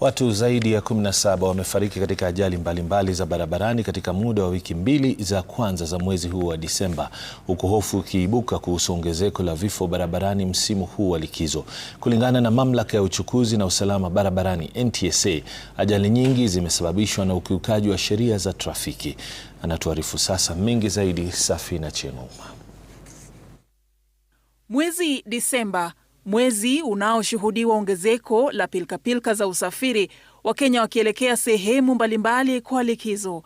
Watu zaidi ya 17 wamefariki katika ajali mbalimbali za barabarani katika muda wa wiki mbili za kwanza za mwezi huu wa Disemba, huku hofu ikiibuka kuhusu ongezeko la vifo barabarani msimu huu wa likizo. Kulingana na mamlaka ya uchukuzi na usalama barabarani NTSA, ajali nyingi zimesababishwa na ukiukaji wa sheria za trafiki. Anatuarifu sasa mengi zaidi Safina Chenuma. Mwezi Disemba mwezi unaoshuhudiwa ongezeko la pilkapilka za usafiri, Wakenya wakielekea sehemu mbalimbali kwa likizo.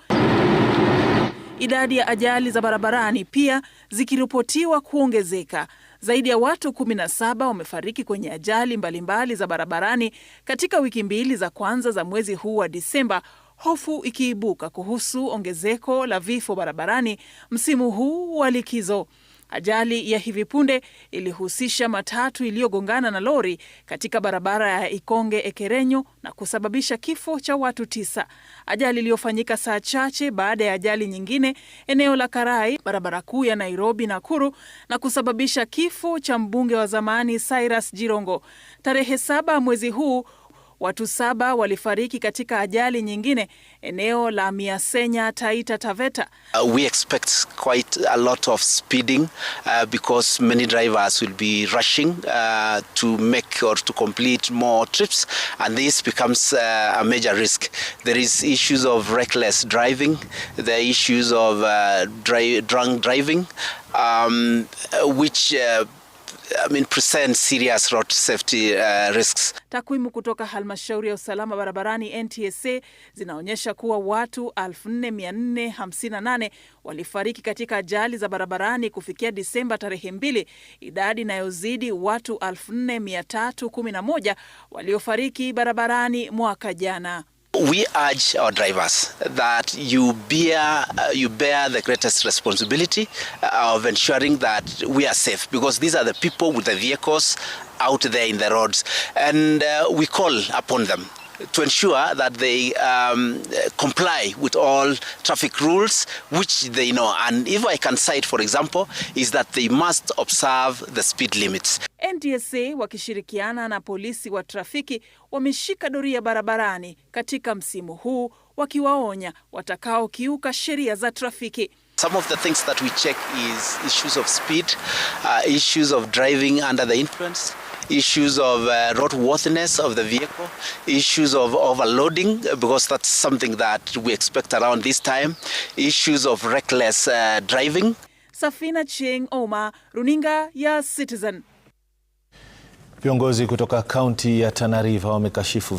Idadi ya ajali za barabarani pia zikiripotiwa kuongezeka. Zaidi ya watu 17 wamefariki kwenye ajali mbalimbali za barabarani katika wiki mbili za kwanza za mwezi huu wa Disemba, hofu ikiibuka kuhusu ongezeko la vifo barabarani msimu huu wa likizo. Ajali ya hivi punde ilihusisha matatu iliyogongana na lori katika barabara ya Ikonge Ekerenyo na kusababisha kifo cha watu tisa, ajali iliyofanyika saa chache baada ya ajali nyingine eneo la Karai, barabara kuu ya Nairobi Nakuru, na kusababisha kifo cha mbunge wa zamani Cyrus Jirongo tarehe saba mwezi huu. Watu saba walifariki katika ajali nyingine eneo la Miasenya, Taita Taveta. Uh, we expect quite a lot of speeding uh, because many drivers will be rushing uh, to make or to complete more trips and this becomes uh, a major risk. There is issues of reckless driving, there are issues of uh, dry, drunk driving um, uh, which uh, I mean, present serious road safety uh, risks. Takwimu kutoka halmashauri ya usalama barabarani NTSA zinaonyesha kuwa watu 4458 walifariki katika ajali za barabarani kufikia Disemba tarehe mbili, idadi inayozidi watu 4311 waliofariki barabarani mwaka jana. We urge our drivers that you bear, uh, you bear the greatest responsibility uh, of ensuring that we are safe because these are the people with the vehicles out there in the roads and uh, we call upon them to ensure that they um, comply with all traffic rules which they know. And if I can cite, for example, is that they must observe the speed limits. NTSA wakishirikiana na polisi wa trafiki wameshika doria barabarani katika msimu huu wakiwaonya watakaokiuka sheria za trafiki. Some of the things that we check is issues of speed, uh, issues of driving under the influence issues of uh, roadworthiness of the vehicle, issues of overloading, because that's something that we expect around this time, issues of reckless uh, driving. Safina ching Oma, runinga ya Citizen. Viongozi kutoka kaunti ya Tana River wamekashifu